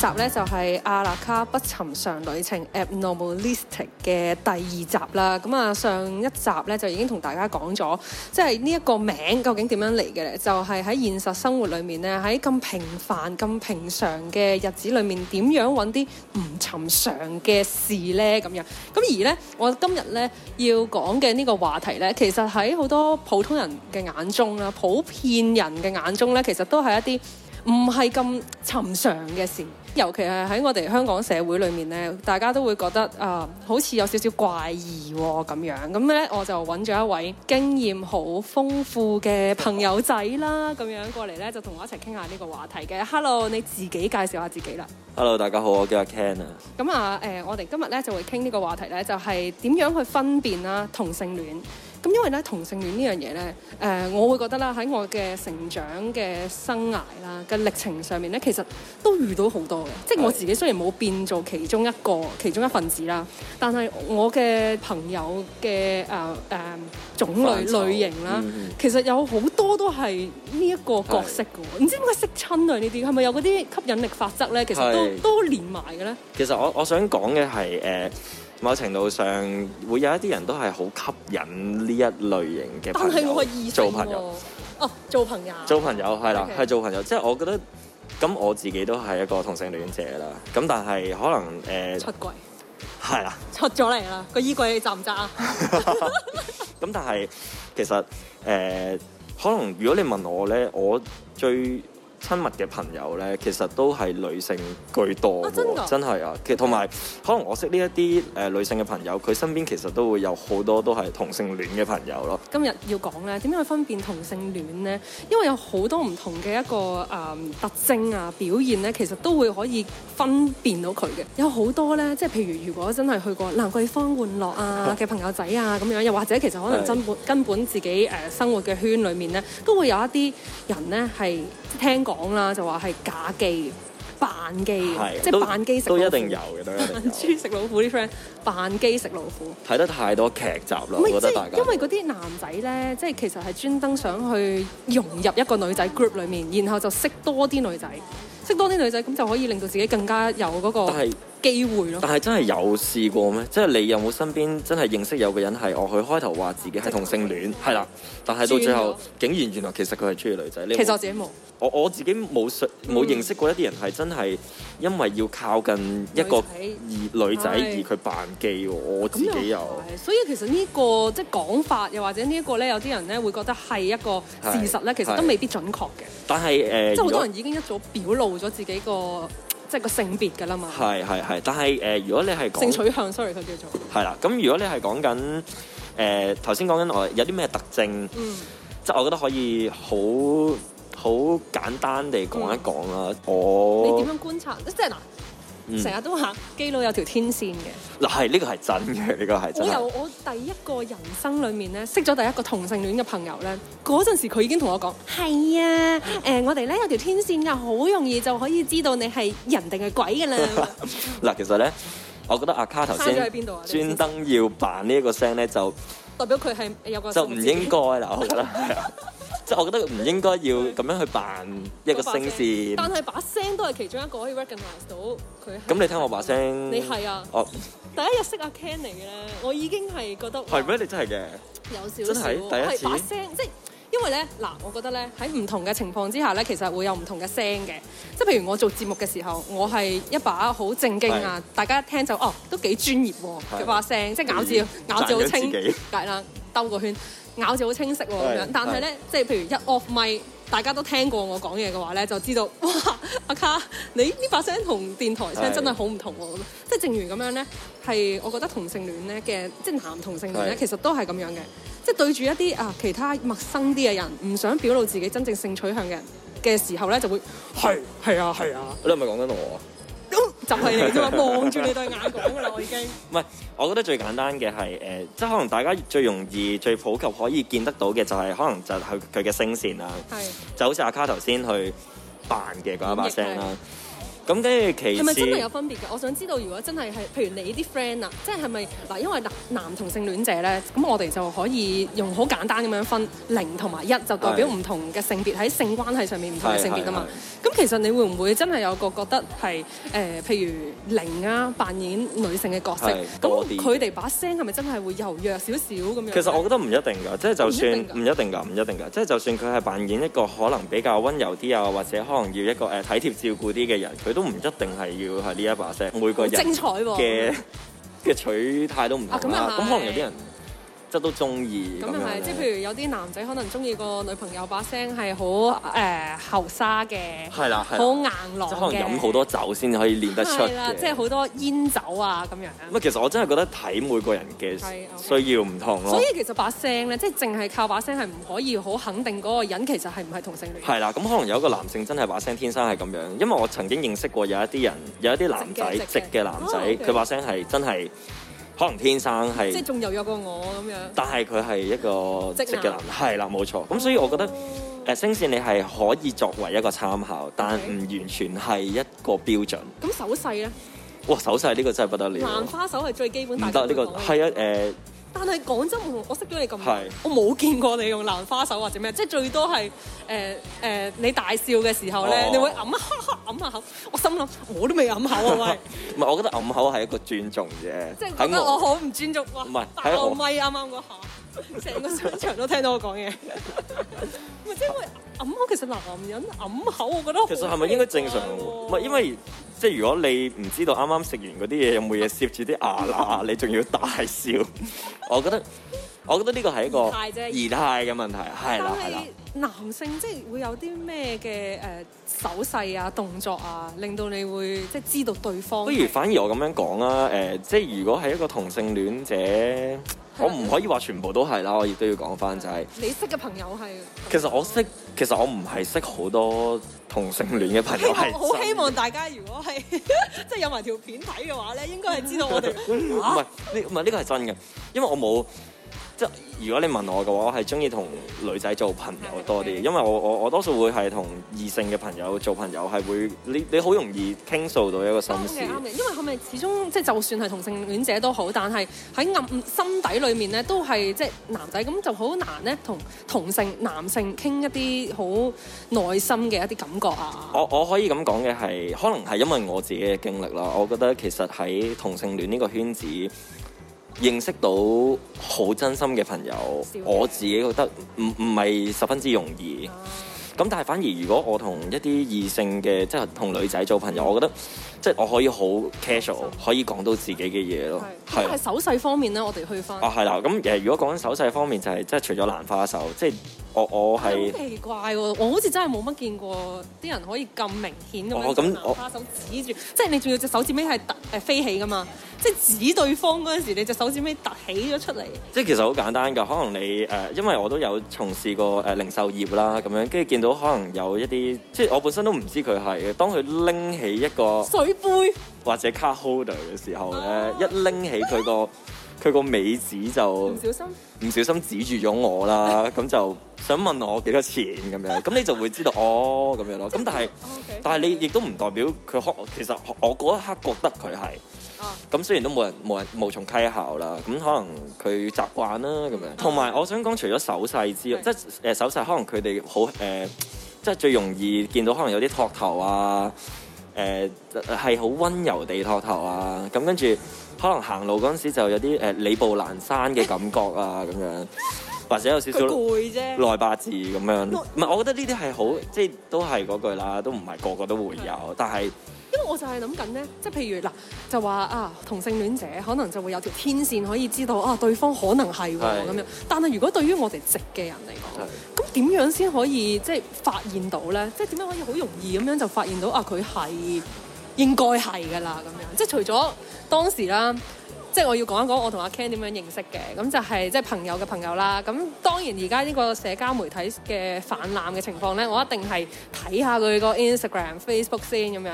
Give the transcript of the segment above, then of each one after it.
集咧就係、是《阿勒 CAR 不尋常旅程》Abnormalistic 嘅第二集啦。咁啊，上一集咧就已經同大家講咗，即係呢一個名究竟點樣嚟嘅咧？就係、是、喺現實生活裏面咧，喺咁平凡、咁平常嘅日子裏面，點樣揾啲唔尋常嘅事咧？咁樣咁而呢，我今日咧要講嘅呢個話題咧，其實喺好多普通人嘅眼中啦，普遍人嘅眼中咧，其實都係一啲，唔係咁尋常嘅事，尤其係喺我哋香港社會裏面咧，大家都會覺得啊、呃，好似有少少怪異咁、哦、樣。咁咧，我就揾咗一位經驗好豐富嘅朋友仔啦，咁樣過嚟咧就同我一齊傾下呢個話題嘅。Hello，你自己介紹下自己啦。Hello，大家好，我叫阿 Ken 啊。咁啊，誒、呃，我哋今日咧就會傾呢個話題咧，就係點樣去分辨啦同性戀。咁因為咧同性戀呢樣嘢咧，誒，我會覺得啦，喺我嘅成長嘅生涯啦嘅歷程上面咧，其實都遇到好多嘅。即係我自己雖然冇變做其中一個其中一份子啦，但係我嘅朋友嘅誒誒種類疇類型啦，嗯、哼其實有好多都係呢一個角色嘅喎。唔的知點解識親啊？呢啲係咪有嗰啲吸引力法則咧？其實都都連埋嘅咧。的呢其實我我想講嘅係誒。呃某程度上，會有一啲人都係好吸引呢一類型嘅朋友意做朋友，哦，做朋友，做朋友，係啦的，係 Okay. 做朋友，即係我覺得咁我自己都係一個同性戀者啦。咁但係可能誒，呃、出櫃係啦，的出咗嚟啦，個衣櫃你窄唔窄啊？咁 但係其實誒、呃，可能如果你問我咧，我最親密嘅朋友咧，其實都係女性居多㗎，啊，真係啊！其實同埋可能我識呢一啲誒女性嘅朋友，佢身邊其實都會有好多都係同性戀嘅朋友咯。今日要講咧，點樣去分辨同性戀咧？因為有好多唔同嘅一個誒、呃、特徵啊，表現咧，其實都會可以分辨到佢嘅。有好多咧，即係譬如如果真係去過蘭桂坊玩樂啊嘅朋友仔啊咁樣，又或者其實可能真本是根本自己誒、呃、生活嘅圈裏面咧，都會有一啲人咧係聽過。講啦，就話係假基扮基，基對即係扮基食。都一定有嘅，都扮 豬食老虎啲 friend，扮基食老虎。睇 得太多劇集啦，我覺得大家。因為嗰啲男仔咧，即係其實係專登想去融入一個女仔 group 裡面，然後就識多啲女仔，識多啲女仔咁就可以令到自己更加有嗰、嗰個機會咯，但係真係有試過咩？即係你有冇身邊真係認識有個人係，我去開頭話自己係同性戀，係啦，但係到最後竟然原來其實佢係中意女仔呢。其實我自己冇，我我自己冇冇認識過一啲人係真係因為要靠近一個而女仔而佢扮 gay 喎。我自己又，所以其實呢個即係講法，又或者呢一個咧，有啲人咧會覺得係一個事實咧，其實都未必準確嘅。但係誒，即係好多人已經一早表露咗自己個。即係個性別㗎啦嘛，係係係。但係誒、呃，如果你係講性取向，sorry，佢叫做係啦。咁如果你係講緊誒頭先講緊我有啲咩特徵，嗯，即係我覺得可以好好簡單地講一講啦。哦、嗯，我你點樣觀察？即係嗱。成日、嗯、都話基佬有條天線嘅。嗱，係呢個係真嘅，呢個係。真 由我第一個人生裡面咧，識咗第一個同性戀嘅朋友咧，嗰陣時佢已經同我講：係啊，誒、呃、我哋咧有條天線㗎，好容易就可以知道你係人定係鬼㗎啦。嗱 其實咧，我覺得阿、啊、卡頭先喺邊度啊、專登要扮呢一個聲咧就。代表佢係有個就唔應該啦，我覺得係啊，即係我覺得唔應該要咁樣去扮一個聲線，但係把聲都係其中一個可以 recognize 到佢。咁你聽我把聲，你係啊，哦，第一日識阿 Ken 嚟嘅咧，我已經係覺得係咩？你真係嘅，有少少，真係第一次。因為咧，嗱，我覺得咧，喺唔同嘅情況之下咧，其實會有唔同嘅聲嘅，即係譬如我做節目嘅時候，我係一把好正經啊，是大家一聽就哦，都幾專業喎，佢把是聲，即係咬字咬字好清，梗係啦，兜個圈，咬字好清晰喎咁是樣，但係咧，是即係譬如一 off 咪，大家都聽過我講嘢嘅話咧，就知道哇，阿、啊、Car，你呢把聲同電台聲真係好唔同喎，是即係正如咁樣咧，係我覺得同性戀咧嘅，即係男同性戀咧，其實都係咁樣嘅。是即對住一啲啊其他陌生啲嘅人，唔想表露自己真正性取向嘅人嘅時候咧，就會係係啊係啊，你係咪講緊我啊？都、嗯、就係、是、你，嘅嘛， 望住你對眼講噶啦，我已經。唔係， 我覺得最簡單嘅係誒，即係可能大家最容易、最普及可以見得到嘅就係、是，可能就係佢嘅聲線啦。係是，就好似阿 CAR 頭先去扮嘅嗰一把聲啦。咁跟住，其，係咪真係有分別嘅？我想知道，如果真係係，譬如你啲 friend 啊，即係係咪嗱？因為嗱，男同性戀者咧，咁我哋就可以用好簡單咁樣分零同埋一，就代表唔同嘅性別喺係性關係上面唔同嘅性別噶嘛。咁其實你會唔會真係有個覺得係誒、呃？譬如零啊，扮演女性嘅角色，咁佢哋把聲係咪真係會柔弱少少咁樣？其實我覺得唔一定㗎，即、就、係、是、就算唔一定㗎，唔一定㗎，即係、就係、就算佢係扮演一個可能比較溫柔啲啊，或者可能要一個誒、呃、體貼照顧啲嘅人，佢都。都唔一定係要係呢一把聲，每個人嘅嘅、精彩啊、 取態都唔同啦，咁、啊、可能有啲人。即都中意咁又係，即譬如有啲男仔可能中意個女朋友把聲係好誒喉沙嘅，係啦，好硬朗，即可能飲好多酒先可以練得出。係啦，即好多煙酒啊咁樣。唔，其實我真係覺得睇每個人嘅需要唔同咯。所以其實把聲咧，即淨係靠把聲係唔可以好肯定嗰個人其實係唔係同性戀。係啦，咁可能有一個男性真係把聲天生係咁樣，因為我曾經認識過有一啲人，有一啲男仔直嘅男仔，佢把聲係真係。可能天生係，即係仲柔弱過我咁樣。但係佢係一個直嘅男人，係啦能，冇錯。咁所以我覺得，誒、嗯、聲線你係可以作為一個參考，但唔完全係一個標準。咁 Okay.、嗯、手勢咧？哇，手勢呢個真係不得了。蘭花手係最基本，唔得呢個係啊誒。了了但係講真，我識咗你咁耐，是我冇見過你用蘭花手或者咩，即係最多係誒誒，你大笑嘅時候咧，哦、你會揞下揞下口。我心諗我都未揞口啊，喂！唔係， 我覺得揞口係一個尊重啫。即係覺得我好唔尊重。唔係我，喺咪啱啱嗰下？我成個商場都聽到我講嘢，咪即係會揞口。其實男人揞口，我覺得其實係咪應該正常？唔係因為即係如果你唔知道啱啱食完嗰啲嘢有冇嘢攝住啲牙罅，你仲要大笑，我覺得我覺得呢個係一個態啫，儀態嘅問題係啦係啦。是男性即係會有啲咩嘅誒手勢啊動作啊，令到你會即係知道對方。不如反而我咁樣講啦，誒、呃、即係如果係一個同性戀者。對我唔可以話全部都係啦，我亦都要講翻就係、係。你識嘅朋友係。其實我識，其實我唔係識好多同性戀嘅朋友係。好希，望希望大家如果係 即係有埋條片睇嘅話咧，應該係知道我哋。唔係、 啊，唔係呢個係真嘅，因為我冇。即如果你問我嘅話，我係中意同女仔做朋友多啲，吧因為我我我多數會係同異性嘅朋友做朋友，係會你你好容易傾訴到一個心事。啱嘅，啱嘅，因為係咪始終即係就算係同性戀者都好，但係喺暗心底裏面呢，都係即係男仔咁就好難呢，同同性男性傾一啲好內心嘅一啲感覺啊。我我可以咁講嘅係，可能係因為我自己嘅經歷啦，我覺得其實喺同性戀呢個圈子。認識到好真心嘅朋友，的我自己覺得唔唔係十分之容易。咁、啊、但係反而如果我同一啲異性嘅，即係同女仔做朋友，我覺得即係、就是、我可以好 casual、嗯、可以講到自己嘅嘢咯。係是是手勢方面咧，我哋去返。哦、啊，係啦，咁其實如果講緊手勢方面，就係即係除咗蘭花手，即、就、係、是。我我係好奇怪喎，我好似真係冇乜見過啲人可以咁明顯咁樣拿手指住，即係你仲要隻手指尾係突誒飛起㗎嘛？即係指對方嗰陣時，你隻手指尾突起咗出嚟。即係 其實好簡單㗎，可能你誒，因為我都有從事過誒零售業啦，咁樣跟住見到可能有一啲，即係我本身都唔知佢係，當佢拎起一個水杯或者 card holder 嘅時候咧，啊、一拎起佢、嗰個。 佢個尾指就唔小心，唔小心指住咗我啦，咁 就想問我幾多錢咁樣，咁 你就會知道 哦咁樣咯。咁 但係，Okay, okay. 但係你亦都唔代表佢，其實我嗰一刻覺得佢係，咁 雖然都冇人冇人，人無從稽考啦。咁可能佢習慣啦咁樣。同埋我想講，除咗手勢之外，即係誒手勢，可能佢哋好誒，即係最容易見到，可能有啲托頭啊。誒係好溫柔地托頭啊！咁跟住可能行路嗰陣時就有啲誒、呃、步履蹣跚嘅感覺啊，咁樣或者有少少攰啫，累而內八字咁樣。唔係內，我覺得呢啲係好，對 即係都係嗰句啦，都唔係個個都會有，對 但係是因為我就係諗緊咧，即係譬如嗱，就話啊同性戀者可能就會有條天線可以知道啊對方可能係喎咁樣，但係如果對於我哋直嘅人嚟講，對 點樣先可以即係發現到呢？即係點樣可以好容易咁樣就發現到啊？佢係應該係㗎喇咁樣。即係除咗當時啦，即係我要講一講我同阿 Ken 點樣認識嘅咁，就係、是、即係朋友嘅朋友啦。咁當然而家呢個社交媒體嘅泛濫嘅情況呢，我一定係睇下佢個 Instagram、Facebook 先咁樣。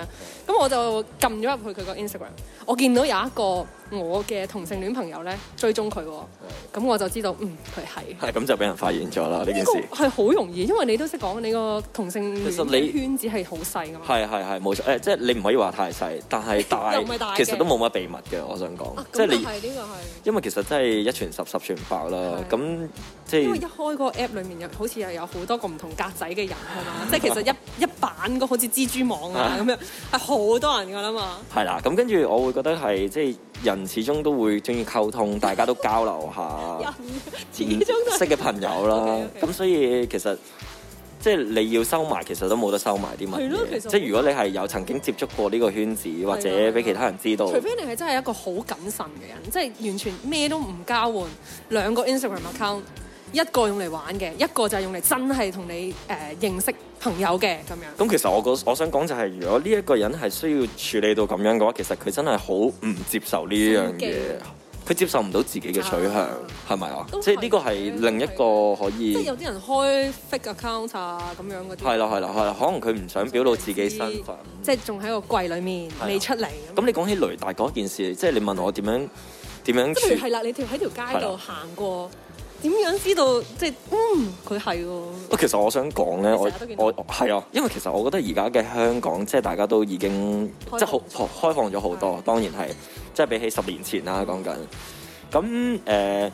咁我就撳咗入去佢個 Instagram，我見到有一個。我嘅同性戀朋友咧追蹤佢，咁我就知道，嗯，佢係係咁就俾人發現咗啦，呢件事係好容易，因為你都識講你個同性戀圈子係好細㗎嘛。係係係冇錯，誒，即係你唔可以話太細，但係大，其實都冇乜秘密嘅。我想講，即係因為其實真係一傳十，十傳百啦。咁即係因為一開嗰個 app 裡面有，好似又有好多個唔同格仔嘅人，係嘛？即係其實一一版嗰好似蜘蛛網啊咁樣，係好多人㗎啦嘛。係啦，咁跟住我會覺得係即係。人始終都會中意溝通，大家都交流下， 人始終都識嘅朋友啦。咁 Okay, okay. 所以其實即係、就是、你要收埋，其實都冇得收埋啲乜嘢。即係如果你係有曾經接觸過呢個圈子，或者俾其他人知道， 除非你係真係一個好謹慎嘅人，即、就、係、是、完全咩都唔交換兩個 Instagram account。 一個用嚟玩嘅，一個就係用嚟真係同你誒、呃、認識朋友嘅咁樣。咁其實我我想講就係、是，如果呢一個人係需要處理到咁樣嘅話，其實佢真係好唔接受呢樣嘢，佢的接受唔到自己嘅取向，係咪啊？吧是是即係呢個係另一個可以。是是即係有啲人開 fake account 啊，咁樣嗰啲。係啦，係啦，係，可能佢唔想表露自己身份，即係仲喺個櫃裏面未的出嚟。咁你講起雷達嗰件事，即係你問我點樣點樣？樣即係譬如係啦，你條喺條街度行過。的點樣知道？即係嗯，佢係喎。不過其實我想講咧，我我係啊，因為其實我覺得而家嘅香港即係大家都已經即係好開放咗好多，當然係即係比起十年前啦講緊。咁誒，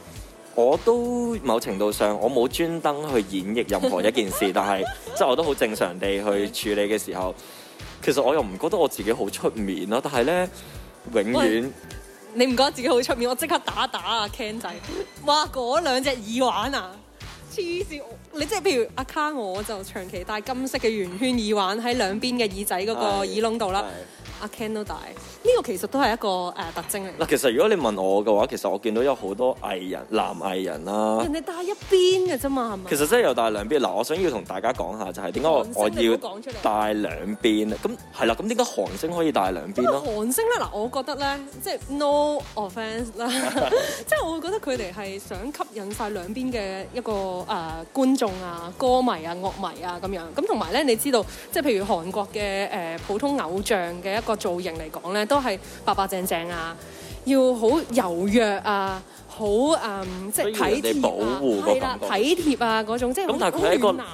我都某程度上我冇專登去演繹任何一件事， 但係即係我都好正常地去處理嘅時候，對 其實我又唔覺得我自己好出面咯。但係咧，永遠。對 你唔覺得自己好出面？我即刻打打啊 Ken 仔！哇，嗰兩隻耳環啊，黐線！你即係譬如阿、啊、卡我，我就長期戴金色嘅圓圈耳環喺兩邊嘅耳仔嗰個耳窿度啦。阿 Ken 都戴呢個其實都係一個誒、呃、特徵嚟。嗱，其實如果你問我嘅話，其實我見到有好多藝人、男藝人啦、啊，人哋戴一邊嘅啫嘛，係咪？其實真係有戴兩邊。嗱，我想要同大家講下就係點解我要我要講出嚟，戴兩邊。咁係啦，咁點解韓星可以戴兩邊咯？韓星咧，嗱，我覺得咧，即、就、係、是、no offense 啦，即係我會覺得佢哋係想吸引晒兩邊嘅一個誒、呃、觀眾啊、歌迷啊、樂迷啊咁樣，咁同埋咧，你知道即係譬如韓國嘅誒、呃、普通偶像嘅一個。個造型嚟講咧，都係白白淨淨啊，要好柔弱啊，好誒，即係體貼啊，體貼啊嗰種，即係咁。但係佢係一個男，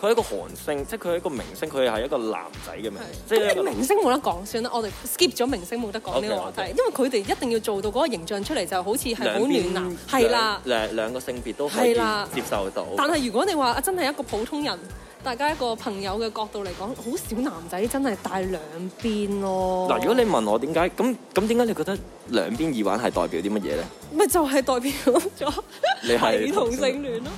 佢係一個韓星，即係佢係一個明星，佢係一個男仔嘅明星。即係咧，明星冇得講，算啦，我哋 skip 咗明星冇得講呢個話題，因為佢哋一定要做到嗰個形象出嚟，就好似係好暖男，係啦。誒，兩個性別都係接受到。但係如果你話啊，真係一個普通人。大家一個朋友嘅角度嚟講，好少男仔真係戴兩邊咯。嗱，如果你問我點解咁咁，點解你覺得兩邊耳環係代表啲乜嘢咧？咪就係代表咗你係同性戀咯。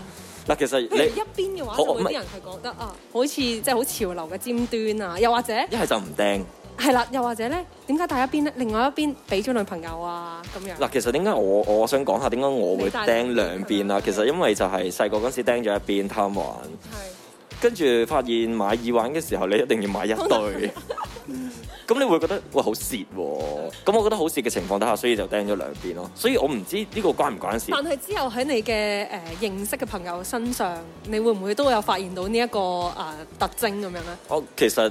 嗱，其實你一邊嘅話，有啲人係覺得啊，好似即係好潮流嘅尖端啊，又或者一係就唔釘係啦。又或者咧，點解戴一邊咧？另外一邊俾咗女朋友啊，咁樣嗱。其實點解我我我想講下點解我會釘兩邊啊？其實因為就係細個嗰時釘咗一邊，貪玩係。跟住發現買耳環嘅時候，你一定要買一對。咁 你會覺得喂好蝕喎。咁 我覺得好蝕嘅情況底下，所以就釘咗兩邊咯。所以我唔知呢個關唔關事。但係之後喺你嘅誒認識嘅朋友身上，你會唔會都有發現到呢一個啊特徵咁樣咧？我、哦、其實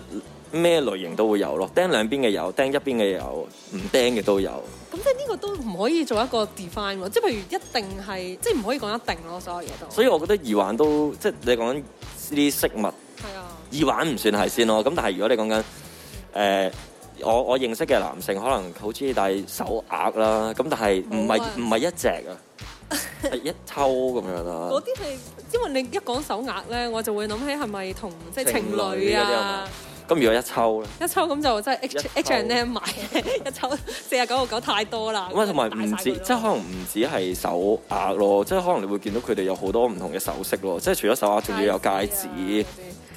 咩類型都會有咯，釘兩邊嘅有，釘一邊嘅有，唔釘嘅都有。咁即係呢個都唔可以做一個 define，即係譬如一定係，即係唔可以講一定咯，所有嘢都。所以我覺得耳環都即係你講緊。呢啲飾物，的耳環唔算係先咯。咁但係如果你講緊，誒、呃、我我認識嘅男性可能好中意戴手鐲啦。咁但係唔係唔係一隻啊，係 一抽咁樣啦。嗰啲係因為你一講手鐲咧，我就會諗起係咪同即係情侶啊？咁如果一抽咧？一抽咁就即係 H H and M 買，一抽四廿九個九太多啦。咁啊，同埋唔止，即係可能唔止係手鐲咯，即係可能你會見到佢哋有好多唔同嘅首飾咯，即係除咗手鐲，仲要有戒指。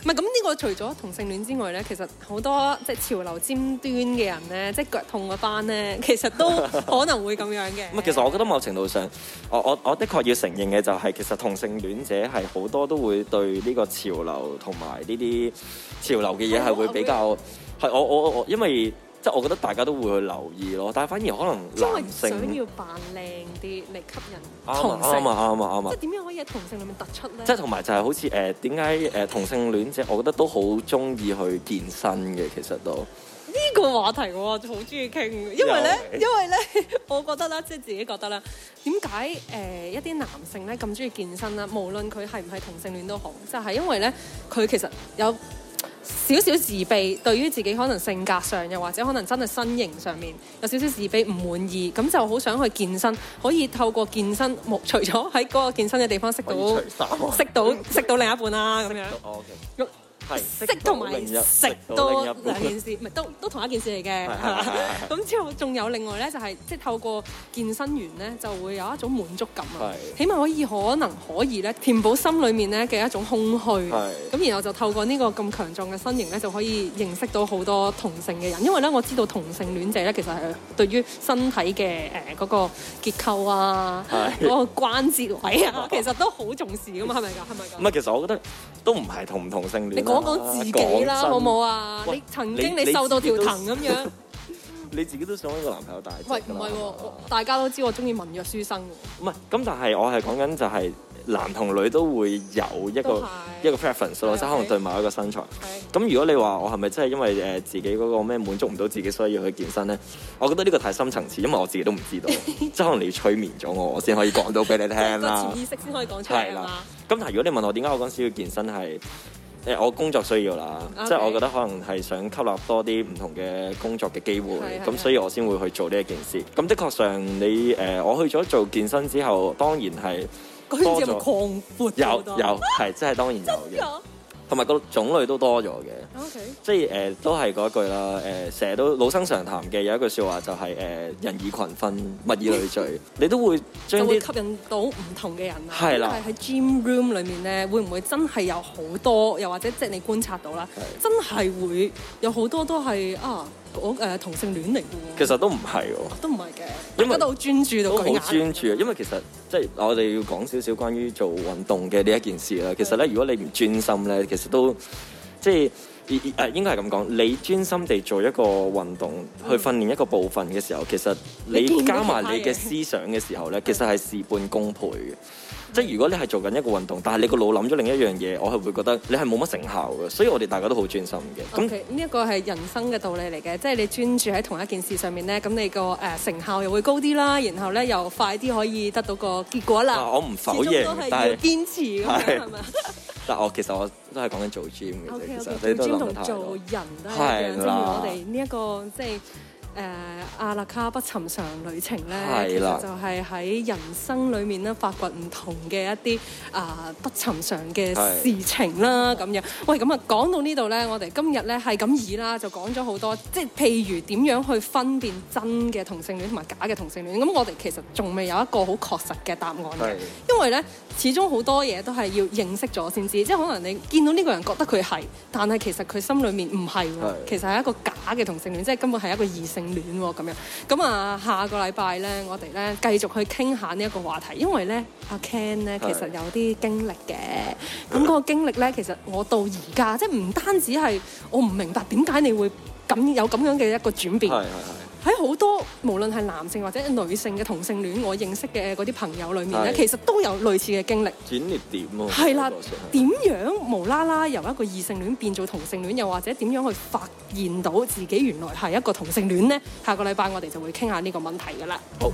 唔係，咁呢個除咗同性戀之外咧，其實好多即係潮流尖端嘅人咧，即係腳痛嗰班咧，其實都可能會咁樣嘅。唔係，其實我覺得某程度上，我我我的確要承認嘅就係、是，其實同性戀者係好多都會對呢個潮流同埋呢啲潮流嘅嘢係會比較係 我我我因為。即係我覺得大家都會去留意咯，但係反而可能，因為想要扮靚啲嚟吸引同性，啱啊啱啊啱啊！性即係點樣可以喺同性裏面突出咧？即係同埋就係好似誒點解誒同性戀者，我覺得都好中意去健身嘅，其實都呢個話題我就好中意傾，因為咧， 因為咧，我覺得啦，即係自己覺得啦，點解誒一啲男性咧咁中意健身啦？無論佢係唔係同性戀都好，就係、是、因為咧，佢其實有。少少自卑，對於自己可能性格上，又或者可能真係身形上面有少少自卑、唔滿意，咁就好想去健身，可以透過健身，除咗喺嗰個健身嘅地方識到識 到識到另一半啦、啊。咁到樣。Okay. 食同埋食多兩件事，唔係都都同一件事嚟嘅。咁之後仲有另外咧，就係即係透過健身員咧，就會有一種滿足感啊。起碼可以可能可以咧，填補心裏面咧嘅一種空虛。咁然後就透過呢個咁強壯嘅身形咧，就可以認識到好多同性嘅人。因為咧，我知道同性戀者咧，其實係對於身體嘅誒嗰個結構啊，嗰個關節位啊，其實都好重視噶嘛，係咪㗎？係咪咁？唔係，其實我覺得都唔係同唔同性戀。講自己啦，好唔好啊？你曾經你瘦到條藤咁樣，你自己都想一個男朋友帶。喂，唔係，大家都知我中意文弱書生。唔係，咁但係我係講緊就係男同女都會有一個一個 preference 咯，即係可能對某一個身材。咁如果你話我係咪真係因為誒自己嗰個咩滿足唔到自己，所以要去健身咧？我覺得呢個太深層次，因為我自己都唔知道，即係可能你催眠咗我，我先可以講到俾你聽啦。潛意識先可以講出嚟啦。咁但係如果你問我點解我嗰時要健身係？誒我工作需要啦，Okay. 即係我覺得可能係想吸納多啲唔同嘅工作嘅機會，咁 對所以我先會去做呢一件事。咁的確上你誒、呃，我去咗做健身之後，當然係多咗，擴闊有有係 即係當然有嘅。 同埋個種類都多咗嘅，Okay. 即係誒、呃、都係嗰句啦，誒成日都老生常談嘅有一句説話就係、是、誒、呃、人以群分，物以類聚， 你都會將啲吸引到唔同嘅人。係啦的，喺 gym room 裏面咧，會唔會真係有好多，又或者即係你觀察到啦，的真係會有好多都係啊～我誒同性戀嚟嘅，其實都唔係喎，因為 都唔係嘅，大家都好專注都好專注啊！因為其實即係、就是、我哋要講少少關於做運動嘅呢一件事啦。對 其實咧，如果你唔專心咧，其實都即係。就是誒應該係咁講，你專心地做一個運動去訓練一個部分嘅時候，其實你加埋你嘅思想嘅時候咧，嗯、其實係事半功倍嘅。嗯、即係如果你係做緊一個運動，但係你個腦諗咗另一樣嘢，我係會覺得你係冇乜成效嘅。所以我哋大家都好專心嘅。咁呢一個係人生嘅道理嚟嘅，即係你專注喺同一件事上面咧，咁你個誒成效又會高啲啦，然後咧又快啲可以得到個結果啦、啊。我唔否認，但係堅持嘅係咪？是吧 我其實我都係講緊做 gym 嘅，其實 Okay, okay, 做 gym 同做人都係一樣。正如了我哋呢一個即係誒阿勒 CAR 不尋常旅程咧，了其實就係喺人生裡面咧發掘唔同嘅一啲啊、呃、不尋常嘅事情啦。咁對樣，喂，咁啊講到呢度咧，我哋今日咧係咁以啦，就講咗好多，即、就、係、是、譬如點樣去分辨真嘅同性戀同埋假嘅同性戀。咁我哋其實仲未有一個好確實嘅答案嘅。因為咧，始終好多嘢都係要認識咗先知，即係可能你見到呢個人覺得佢係，但係其實佢心裏面唔係，的其實係一個假嘅同性戀，即係根本係一個異性戀咁樣。咁啊，下個禮拜咧，我哋咧繼續去傾下呢一個話題，因為咧，阿 Ken 咧其實有啲經歷嘅，咁嗰的個經歷咧，其實我到而家，即係唔單止係我唔明白點解你會咁有咁樣嘅一個轉變。的喺好多無論係男性或者女性嘅同性戀，我認識嘅嗰啲朋友裏面咧，是其實都有類似嘅經歷。展列點喎、啊？係啦了，點的樣無啦啦由一個異性戀變做同性戀，又或者點樣去發現到自己原來係一個同性戀呢？下個禮拜我哋就會傾下呢個問題㗎啦。好。